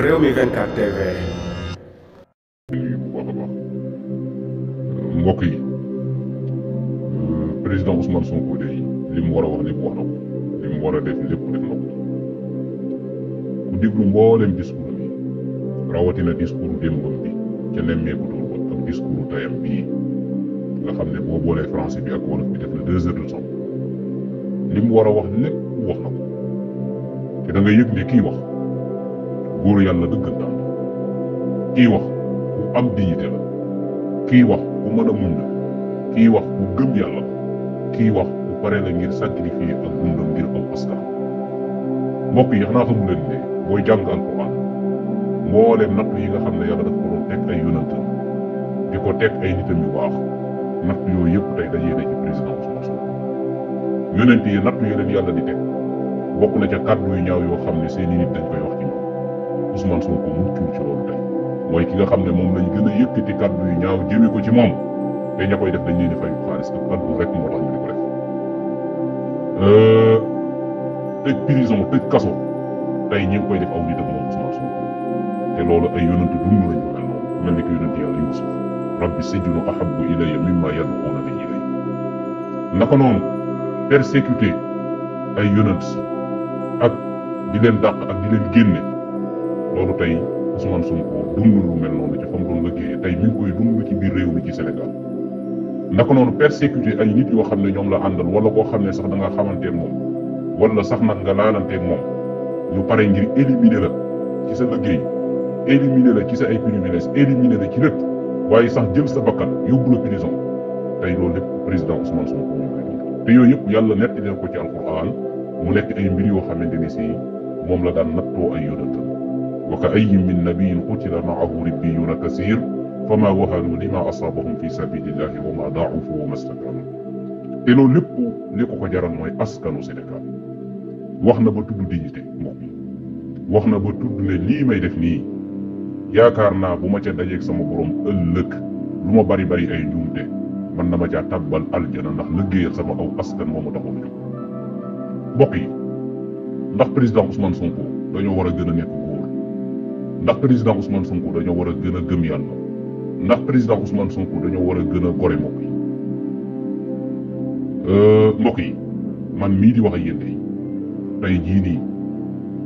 réew mi 24 yi président Ousmane Sonko de li mu war a wax lépp wax na ko war a def lépp def na ko ku déglu mboolem discours bi rawatina discours démbam bi ca nemmeeku dóor ko ak nga xam ne boo boolee français bi ak wolof bi def na deux de temps li war a wax lépp wax na te nga yëg ne kii wax. góor yàlla dëggantaan kii wax ku am dignité la kii wax ku mën a muñ la kii wax ku gëm yàlla la kii wax ku pare la ngir sacrifier ak dundam ngir aw askan mbokk yi xanaa xamu leen ne mooy jàng alxuraan mbooleem natt yi nga xam ne yàlla dafa ko doon teg ay yonantam di ko teg ay nitam yu baax natt yooyu yëpp tey dajee na ci président Ousmane yonent yi natt yi yàlla di teg bokk na ca kàddu yu ñaaw yoo xam ne seeni nit dañ koy wax ci Ousmane Sonko mu tuur ci loolu mooy ki nga xam ne moom lañ gën a yëkkati kàddu yu ñaaw jëmee ko ci moom te ña koy def dañ leen di fayu xaalis ak kàddu rek moo tax ñu def euh, tëj prison tëj kaso tey ñi ngi koy def aw nit ak moom Ousmane te loolu ay yonent dund lañu mel noonu mel ni ki yonent yàlla Yuusuf rabbi sijnu ahabbu ilayya mimma yad'una bi ilay naka noonu persécuté ay yonent ak di leen dàq ak di leen génne loolu tey Ousmane Sonko dund lu mel noonu ci fa mu doon liggéeyee tey mi ngi koy dund ci biir réew mi ci Sénégal naka noonu persécuté ay nit yoo xam ne ñoom la àndal wala koo xam ne sax da nga xamanteeg moom wala sax nag nga laalanteeg moom ñu pare ngir éliminer la ci sa liggéey éliminer la ci sa ay privilèges éliminer la ci lépp waaye sax jël sa bakkan yóbbu la prison tey loolu lépp président Ousmane Sonko ñu te yooyu yëpp yàlla nettali na ko ci alquran mu nekk ay mbir yoo xamante ni si moom la daan وكأي من نبي قتل معه ربيون كثير فما وهنوا لما أصابهم في سبيل الله وما ضعفوا وما استكانوا إنو لبو لكو كجارا موي أسكنو سيدكا وحنا بطود دينيتي مومي وحنا بطود لي ماي دفني يا كارنا بوما تي داجيك سما بروم ألك لما باري باري أي نوم دي من نما جا تبال الجنة نح لغي سما أو أسكن موما تقومي بقي نح بريزدان عثمان سونكو دانيو ورا جنة نيكو ndax président Ousmane Sonko dañoo war a gën a gëm yàlla ndax président Ousmane Sonko dañoo war a gën a gore mbokk yi euh, mbokk yi man mii di wax ak yéen tey tey jii nii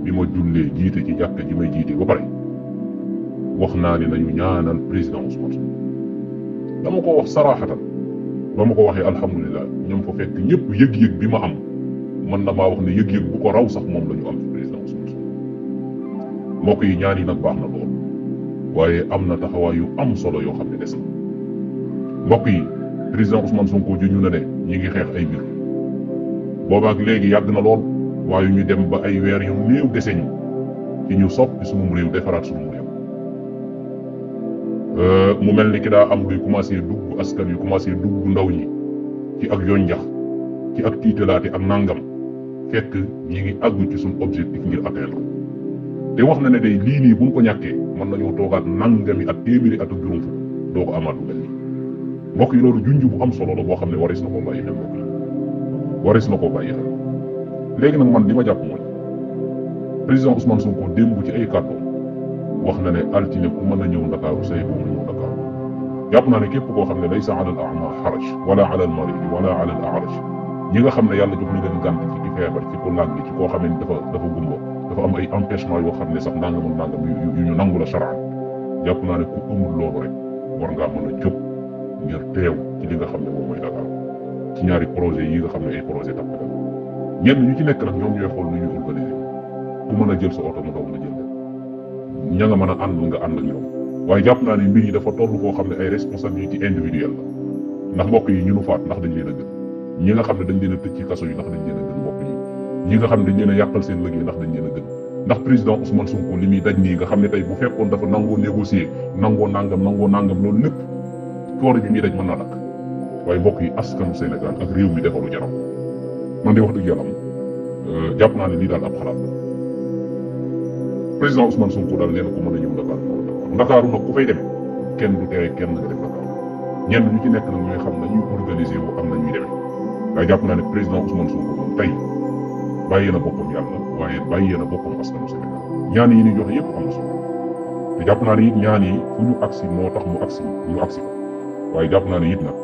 bi ma jullee jiite ci jàkka ji may jiite ba pare wax naa ne nañu ñaanal président Ousmane Sonko dama ko wax saraxatan ba ko waxee alhamdulilah ñoom fa fekk ñëpp yëg-yëg bi am man na maa wax ne yëg-yëg bu ko raw sax moom lañu am président Ousmane bokk yi ñaan yi nag baax na lool waaye am na taxawaay yu am solo yoo xam ne des mbokk yi président Ousmane Sonko ju ñu na ne ñi ngi xeex ay mbir boobaak léegi yàgg na lool waaye ñu dem ba ay weer yu néew dese ñu ci ñu soppi sunum réew defaraat sunum réew euh, mu mel ni ki daa am luy commencé dugg askan yu commencé dugg ndaw ñi ci ak yoon njax ci ak tiitalaate ak nàngam fekk ñi ngi àgg ci suñu objectif ngir atteindre te wax na ne day lii nii bu ñu ko ñàkkee mën nañoo toogaat nangami at téeméeri at ak juróom fukk doo ko amaat lu mel nii mbokk yi loolu junj bu am solo la boo xam ne waris na koo bàyyi xel mbokk yi na koo bàyyi léegi nag man li ma jàpp mooy président Ousmane Sonko démb ci ay kàddu wax na ne altine ku mën na ñëw Ndakaaru say bu mu Ndakaaru jàpp naa ne képp koo xam ne laysa ala al ama xaraj wala ala al wala ala araj ñi nga xam ne yàlla jox na leen gànt ci ci feebar ko xam ne dafa am ay empêchement yoo xam ne sax nangam ak nangam yu ñu nangu la saraan jàpp naa ne ku amul loolu rek war ngaa mën a jóg ngir teew ci li nga xam ne moom mooy Dakar ci ñaari projet yi nga xam ne ay projet Tappale la ñenn ñu ci nekk nag ñoom ñooy a jël sa oto mu daw nga mën a ànd nga ànd ak ñoom waaye jàpp naa ne mbir yi dafa toll koo xam ne ay ci individuelle la ndax mbokk yi ñu nu faat ndax dañ leen a gën ñi nga xam ne dañ leen a tëj ci kaso yi ndax dañ leen a ñi nga xam dañ leen a yàqal seen liggéey ndax dañ leen a gën ndax président Ousmane Sonko li muy daj nii nga xam ne tey bu fekkoon dafa nangoo négocier nangoo nangam nangoo nangam loolu lépp toor bi muy daj mën naa lakk waaye mbokk yi askanu Sénégal ak réew mi defaru jaram man de wax dëgg yàlla euh, jàpp naa ne lii daal ab xalaat la président Ousmane Sonko daal nee a ñëw Dakar Ndakaaru nag ku kenn du tere kenn nga nekk nag ñooy xam nañuy organiser wu am na ñuy demee waaye jàpp naa ne président Ousmane Sonko moom tey bàyyi na boppam yàlla waaye bàyyi na boppam askanu Sénégal ñaan yi ñu joxe yépp am solo te japp na ni ñaan yi fu ñu aksi mo tax mu aksi ñu aksi waye japp na ni yit nak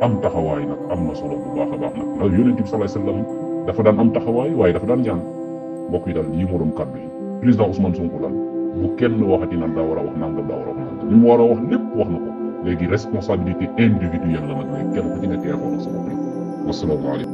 am taxaway nak am na solo bu baaxa baax nak ndax yonent bi salaay sallam dafa daan am taxaway waye dafa daan ñaan mbokk yi daal yi moo doon kaddu yi président Ousmane Sonko daal bu kenn waxati nan daa war a wax nan daa war a wax nangam li mu war a wax lépp wax na ko léegi responsabilité individuelle la nag léegi kenn ku ci nekk yaa ko wax sa bopp wasalaamaaleykum